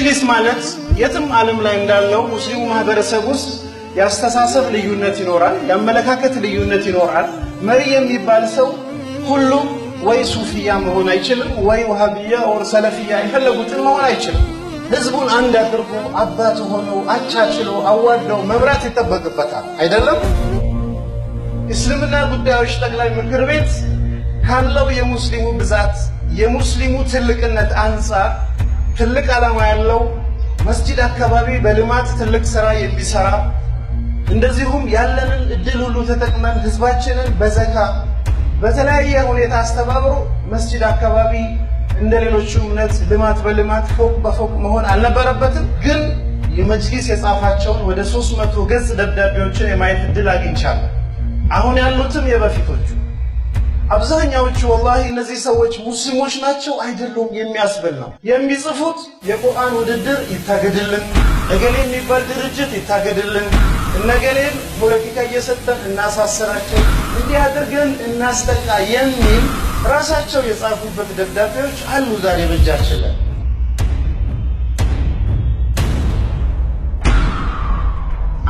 መጅሊስ ማለት የትም ዓለም ላይ እንዳለው ሙስሊሙ ማህበረሰብ ውስጥ የአስተሳሰብ ልዩነት ይኖራል፣ የአመለካከት ልዩነት ይኖራል። መሪ የሚባል ሰው ሁሉም ወይ ሱፊያ መሆን አይችልም፣ ወይ ውሃብያ ወር ሰለፊያ የፈለጉትን መሆን አይችልም። ህዝቡን አንድ አድርጎ አባት ሆኖ አቻችሎ አዋደው መምራት ይጠበቅበታል አይደለም። እስልምና ጉዳዮች ጠቅላይ ምክር ቤት ካለው የሙስሊሙ ብዛት የሙስሊሙ ትልቅነት አንጻር ትልቅ ዓላማ ያለው መስጂድ አካባቢ በልማት ትልቅ ስራ የሚሰራ እንደዚሁም ያለንን እድል ሁሉ ተጠቅመን ህዝባችንን በዘካ በተለያየ ሁኔታ አስተባብሮ መስጂድ አካባቢ እንደ ሌሎቹ እምነት ልማት በልማት ፎቅ በፎቅ መሆን አልነበረበትም። ግን የመጅሊስ የጻፋቸውን ወደ ሶስት መቶ ገጽ ደብዳቤዎችን የማየት እድል አግኝቻለሁ። አሁን ያሉትም የበፊቶቹ አብዛኛዎቹ ወላሂ እነዚህ ሰዎች ሙስሊሞች ናቸው አይደሉም የሚያስብል ነው የሚጽፉት። የቁርአን ውድድር ይታገድልን፣ እገሌ የሚባል ድርጅት ይታገድልን፣ እነገሌን ፖለቲካ እየሰጠን እናሳስራቸው፣ እንዲህ አድርገን እናስጠቃ የሚል ራሳቸው የጻፉበት ደብዳቤዎች አሉ ዛሬ በእጃችን ላይ።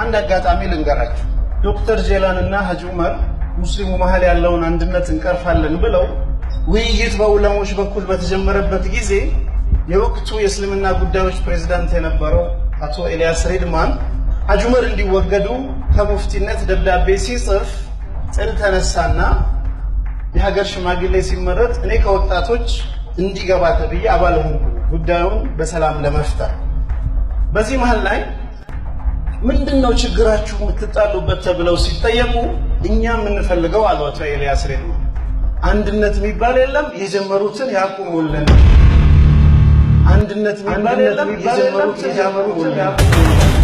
አንድ አጋጣሚ ልንገራችሁ። ዶክተር ጄላን እና ሀጅ ዑመር ሙስሊሙ መሀል ያለውን አንድነት እንቀርፋለን ብለው ውይይት በዑለሞች በኩል በተጀመረበት ጊዜ የወቅቱ የእስልምና ጉዳዮች ፕሬዝዳንት የነበረው አቶ ኤልያስ ሬድማን ሐጅ ዑመር እንዲወገዱ ከሙፍቲነት ደብዳቤ ሲጽፍ ጥል ተነሳና የሀገር ሽማግሌ ሲመረጥ እኔ ከወጣቶች እንዲገባ ተብዬ አባል ሆንኩ ጉዳዩን በሰላም ለመፍታት። በዚህ መሀል ላይ ምንድን ነው ችግራችሁ የምትጣሉበት ተብለው ሲጠየቁ እኛ የምንፈልገው አሏቸው ኤልያስ ሬ አንድነት የሚባል የለም የጀመሩትን ያቁሙልን። አንድነት የሚባል የለም የጀመሩትን ያቁሙልን።